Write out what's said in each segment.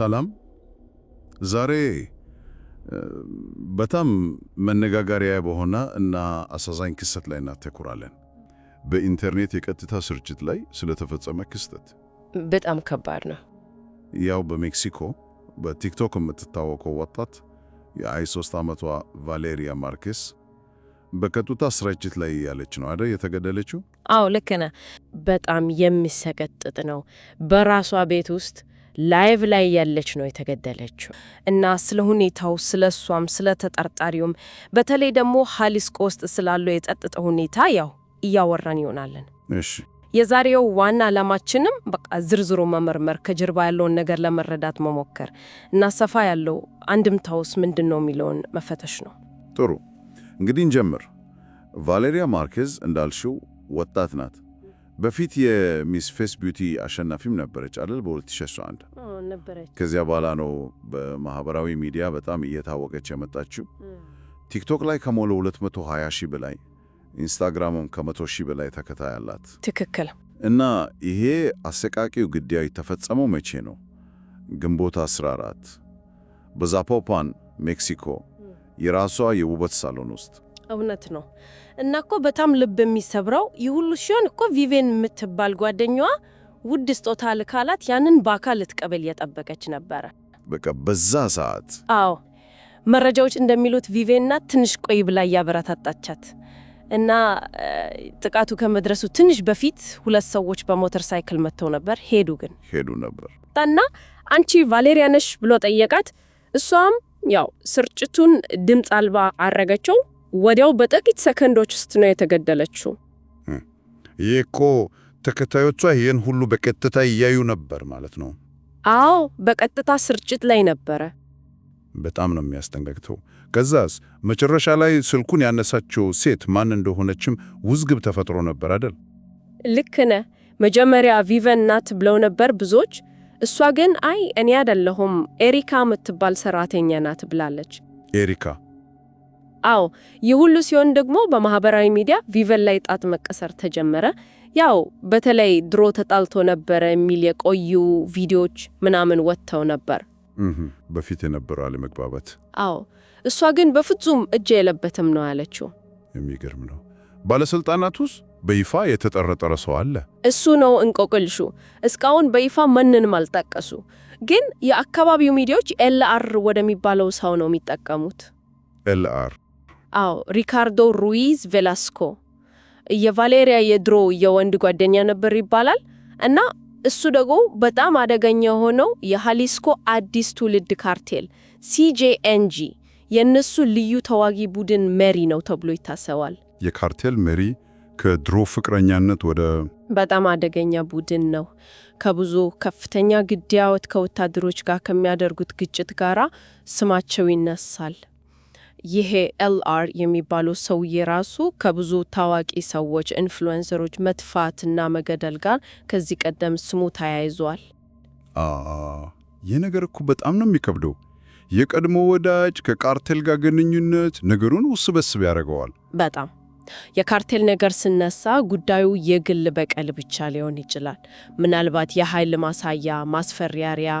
ሰላም ዛሬ በጣም መነጋገሪያ በሆነ እና አሳዛኝ ክስተት ላይ እናተኩራለን። በኢንተርኔት የቀጥታ ስርጭት ላይ ስለተፈጸመ ክስተት። በጣም ከባድ ነው። ያው በሜክሲኮ በቲክቶክ የምትታወቀው ወጣት የ23 ዓመቷ ቫሌሪያ ማርኬስ በቀጥታ ስርጭት ላይ ያለች ነው አይደል የተገደለችው? አዎ ልክ ነህ። በጣም የሚሰቀጥጥ ነው። በራሷ ቤት ውስጥ ላይቭ ላይ ያለች ነው የተገደለችው። እና ስለ ሁኔታው ስለ እሷም ስለ ተጠርጣሪውም በተለይ ደግሞ ሀሊስቆ ውስጥ ስላለው የጸጥታ ሁኔታ ያው እያወራን ይሆናለን። እሺ የዛሬው ዋና ዓላማችንም በቃ ዝርዝሩ መመርመር፣ ከጀርባ ያለውን ነገር ለመረዳት መሞከር እና ሰፋ ያለው አንድምታውስ ምንድን ነው የሚለውን መፈተሽ ነው። ጥሩ እንግዲህ እንጀምር። ቫሌሪያ ማርኬዝ እንዳልሽው ወጣት ናት። በፊት የሚስ ፌስ ቢዩቲ አሸናፊም ነበረች አይደል? በ2011 ነበረች። ከዚያ በኋላ ነው በማህበራዊ ሚዲያ በጣም እየታወቀች የመጣችው። ቲክቶክ ላይ ከሞለ 220 ሺህ በላይ ኢንስታግራምም ከ100 ሺህ በላይ ተከታይ አላት። ትክክል። እና ይሄ አሰቃቂው ግድያ የተፈጸመው መቼ ነው? ግንቦት 14 በዛፖፓን ሜክሲኮ፣ የራሷ የውበት ሳሎን ውስጥ እውነት ነው። እና እኮ በጣም ልብ የሚሰብረው ይህ ሁሉ ሲሆን እኮ ቪቬን የምትባል ጓደኛዋ ውድ ስጦታ ልካላት ያንን በአካል ልትቀበል እየጠበቀች ነበረ። በቃ በዛ ሰዓት አዎ፣ መረጃዎች እንደሚሉት ቪቬና ትንሽ ቆይ ብላ እያበረታታቻት እና ጥቃቱ ከመድረሱ ትንሽ በፊት ሁለት ሰዎች በሞተር ሳይክል መጥተው ነበር። ሄዱ ግን ሄዱ ነበር እና አንቺ ቫሌሪያ ነሽ ብሎ ጠየቃት። እሷም ያው ስርጭቱን ድምፅ አልባ አረገችው። ወዲያው በጥቂት ሰከንዶች ውስጥ ነው የተገደለችው። ይህ እኮ ተከታዮቿ ይህን ሁሉ በቀጥታ እያዩ ነበር ማለት ነው። አዎ፣ በቀጥታ ስርጭት ላይ ነበረ። በጣም ነው የሚያስጠንቀቅተው። ከዛስ መጨረሻ ላይ ስልኩን ያነሳችው ሴት ማን እንደሆነችም ውዝግብ ተፈጥሮ ነበር አይደል? ልክ ነህ። መጀመሪያ ቪቨን ናት ብለው ነበር ብዙዎች። እሷ ግን አይ እኔ አይደለሁም ኤሪካ የምትባል ሰራተኛ ናት ብላለች። ኤሪካ አዎ ይህ ሁሉ ሲሆን ደግሞ በማህበራዊ ሚዲያ ቪቨን ላይ ጣት መቀሰር ተጀመረ። ያው በተለይ ድሮ ተጣልቶ ነበረ የሚል የቆዩ ቪዲዮዎች ምናምን ወጥተው ነበር። በፊት የነበረው አለመግባባት። አዎ እሷ ግን በፍጹም እጅ የለበትም ነው ያለችው። የሚገርም ነው። ባለስልጣናት ውስጥ በይፋ የተጠረጠረ ሰው አለ። እሱ ነው እንቆቅልሹ። እስካሁን በይፋ ማንንም አልጠቀሱ። ግን የአካባቢው ሚዲያዎች ኤልአር ወደሚባለው ሰው ነው የሚጠቀሙት። ኤልአር አዎ ሪካርዶ ሩይዝ ቬላስኮ የቫሌሪያ የድሮ የወንድ ጓደኛ ነበር ይባላል እና እሱ ደግሞ በጣም አደገኛ የሆነው የሃሊስኮ አዲስ ትውልድ ካርቴል ሲጄኤንጂ የእነሱ ልዩ ተዋጊ ቡድን መሪ ነው ተብሎ ይታሰባል። የካርቴል መሪ ከድሮ ፍቅረኛነት ወደ በጣም አደገኛ ቡድን ነው። ከብዙ ከፍተኛ ግድያዎት ከወታደሮች ጋር ከሚያደርጉት ግጭት ጋራ ስማቸው ይነሳል። ይሄ ኤልአር የሚባለው ሰውዬ ራሱ ከብዙ ታዋቂ ሰዎች ኢንፍሉዌንሰሮች መጥፋትና መገደል ጋር ከዚህ ቀደም ስሙ ተያይዟል። ይህ ነገር እኮ በጣም ነው የሚከብደው። የቀድሞ ወዳጅ ከካርቴል ጋር ግንኙነት ነገሩን ውስብስብ ያደርገዋል። በጣም የካርቴል ነገር ስነሳ ጉዳዩ የግል በቀል ብቻ ሊሆን ይችላል። ምናልባት የኃይል ማሳያ ማስፈራሪያ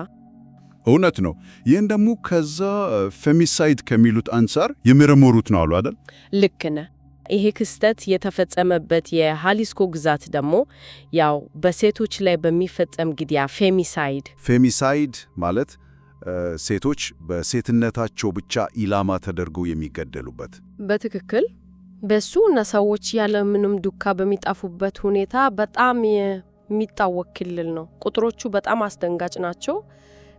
እውነት ነው። ይህን ደግሞ ከዛ ፌሚሳይድ ከሚሉት አንጻር የመረመሩት ነው አሉ አይደል? ልክ ነህ። ይሄ ክስተት የተፈጸመበት የሃሊስኮ ግዛት ደግሞ ያው በሴቶች ላይ በሚፈጸም ግድያ ፌሚሳይድ ፌሚሳይድ ማለት ሴቶች በሴትነታቸው ብቻ ኢላማ ተደርገው የሚገደሉበት በትክክል በሱ እና ሰዎች ያለምንም ዱካ በሚጣፉበት ሁኔታ በጣም የሚታወቅ ክልል ነው። ቁጥሮቹ በጣም አስደንጋጭ ናቸው።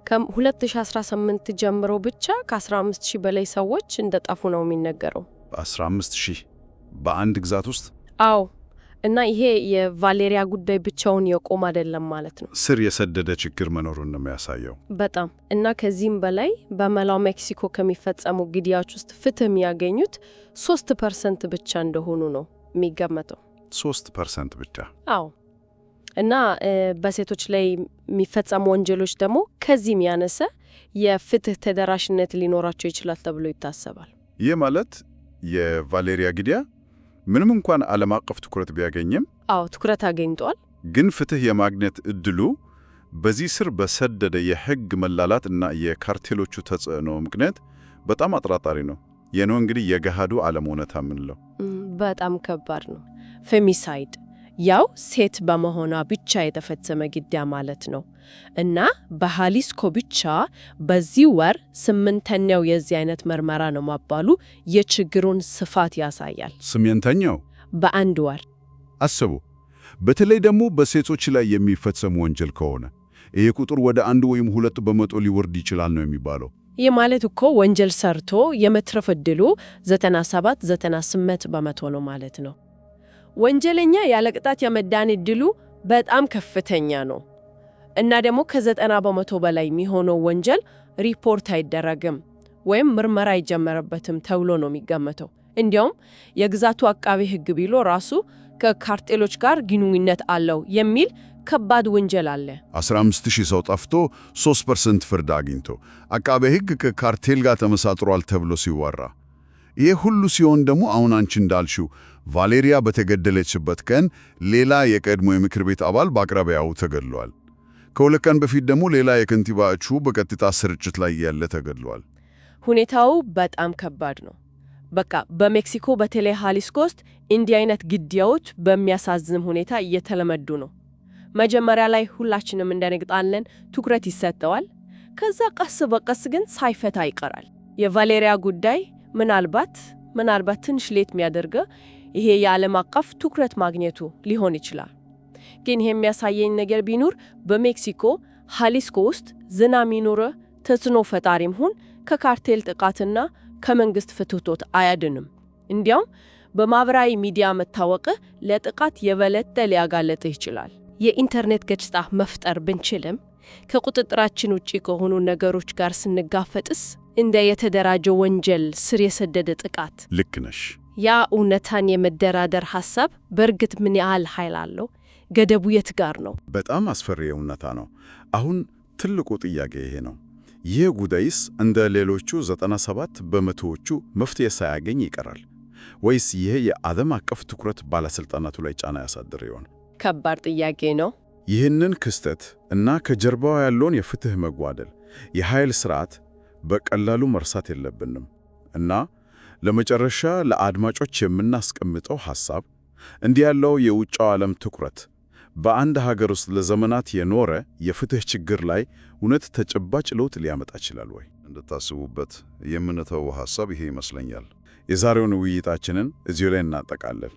ከ2018 ጀምሮ ብቻ ከ15000 በላይ ሰዎች እንደጠፉ ነው የሚነገረው። 15000 በአንድ ግዛት ውስጥ? አዎ። እና ይሄ የቫሌሪያ ጉዳይ ብቻውን የቆም አይደለም ማለት ነው። ስር የሰደደ ችግር መኖሩን ነው የሚያሳየው። በጣም እና ከዚህም በላይ በመላው ሜክሲኮ ከሚፈጸሙ ግድያዎች ውስጥ ፍትህ የሚያገኙት ሶስት ፐርሰንት ብቻ እንደሆኑ ነው የሚገመተው። ሶስት ፐርሰንት ብቻ? አዎ። እና በሴቶች ላይ የሚፈጸሙ ወንጀሎች ደግሞ ከዚህም ያነሰ የፍትህ ተደራሽነት ሊኖራቸው ይችላል ተብሎ ይታሰባል። ይህ ማለት የቫሌሪያ ግድያ ምንም እንኳን ዓለም አቀፍ ትኩረት ቢያገኝም፣ አዎ ትኩረት አገኝቷል፣ ግን ፍትህ የማግኘት እድሉ በዚህ ስር በሰደደ የህግ መላላት እና የካርቴሎቹ ተጽዕኖ ምክንያት በጣም አጠራጣሪ ነው። የነው እንግዲህ የገሃዱ ዓለም እውነታ ምንለው በጣም ከባድ ነው ፌሚሳይድ ያው ሴት በመሆኗ ብቻ የተፈጸመ ግድያ ማለት ነው። እና በሃሊስኮ ብቻ በዚህ ወር ስምንተኛው የዚህ አይነት ምርመራ ነው ማባሉ የችግሩን ስፋት ያሳያል። ስምንተኛው በአንድ ወር አስቡ። በተለይ ደግሞ በሴቶች ላይ የሚፈጸሙ ወንጀል ከሆነ ይሄ ቁጥር ወደ አንድ ወይም ሁለት በመቶ ሊወርድ ይችላል ነው የሚባለው። ይህ ማለት እኮ ወንጀል ሰርቶ የመትረፍ ዕድሉ 97 98 በመቶ ነው ማለት ነው። ወንጀለኛ ያለ ቅጣት የመዳን እድሉ በጣም ከፍተኛ ነው እና ደግሞ ከዘጠና በመቶ በላይ የሚሆነው ወንጀል ሪፖርት አይደረግም ወይም ምርመራ አይጀመረበትም ተብሎ ነው የሚገመተው። እንዲያውም የግዛቱ አቃቤ ሕግ ቢሎ ራሱ ከካርቴሎች ጋር ግንኙነት አለው የሚል ከባድ ወንጀል አለ። 15000 ሰው ጠፍቶ 3 ፐርሰንት ፍርድ አግኝቶ አቃቤ ሕግ ከካርቴል ጋር ተመሳጥሯል ተብሎ ሲወራ ይህ ሁሉ ሲሆን ደግሞ አሁን አንቺ እንዳልሽው ቫሌሪያ በተገደለችበት ቀን ሌላ የቀድሞ የምክር ቤት አባል በአቅራቢያው ተገድሏል። ከሁለት ቀን በፊት ደግሞ ሌላ የከንቲባ እጩ በቀጥታ ስርጭት ላይ ያለ ተገድሏል። ሁኔታው በጣም ከባድ ነው። በቃ በሜክሲኮ በተለይ ሃሊስኮ ውስጥ እንዲህ አይነት ግድያዎች በሚያሳዝን ሁኔታ እየተለመዱ ነው። መጀመሪያ ላይ ሁላችንም እንደነግጣለን፣ ትኩረት ይሰጠዋል። ከዛ ቀስ በቀስ ግን ሳይፈታ ይቀራል። የቫሌሪያ ጉዳይ ምናልባት ምናልባት ትንሽ ሌት የሚያደርገ ይሄ የዓለም አቀፍ ትኩረት ማግኘቱ ሊሆን ይችላል። ግን ይሄ የሚያሳየኝ ነገር ቢኖር በሜክሲኮ ሃሊስኮ ውስጥ ዝና የሚኖረ ተጽዕኖ ፈጣሪም ሁን ከካርቴል ጥቃትና ከመንግስት ፍትቶት አያድንም። እንዲያውም በማኅበራዊ ሚዲያ መታወቅ ለጥቃት የበለጠ ሊያጋለጥህ ይችላል። የኢንተርኔት ገጽታ መፍጠር ብንችልም ከቁጥጥራችን ውጭ ከሆኑ ነገሮች ጋር ስንጋፈጥስ እንደ የተደራጀ ወንጀል ስር የሰደደ ጥቃት። ልክ ነሽ። ያ እውነታን የመደራደር ሐሳብ በእርግጥ ምን ያህል ኃይል አለው? ገደቡ የት ጋር ነው? በጣም አስፈሪ እውነታ ነው። አሁን ትልቁ ጥያቄ ይሄ ነው። ይህ ጉዳይስ እንደ ሌሎቹ 97 በመቶዎቹ መፍትሄ ሳያገኝ ይቀራል ወይስ ይህ የዓለም አቀፍ ትኩረት ባለሥልጣናቱ ላይ ጫና ያሳድር ይሆን? ከባድ ጥያቄ ነው። ይህንን ክስተት እና ከጀርባው ያለውን የፍትሕ መጓደል የኃይል ሥርዓት በቀላሉ መርሳት የለብንም እና ለመጨረሻ ለአድማጮች የምናስቀምጠው ሐሳብ እንዲህ ያለው የውጫው ዓለም ትኩረት በአንድ ሀገር ውስጥ ለዘመናት የኖረ የፍትህ ችግር ላይ እውነት ተጨባጭ ለውጥ ሊያመጣ ይችላል ወይ? እንድታስቡበት የምንተወው ሐሳብ ይሄ ይመስለኛል። የዛሬውን ውይይታችንን እዚሁ ላይ እናጠቃለን።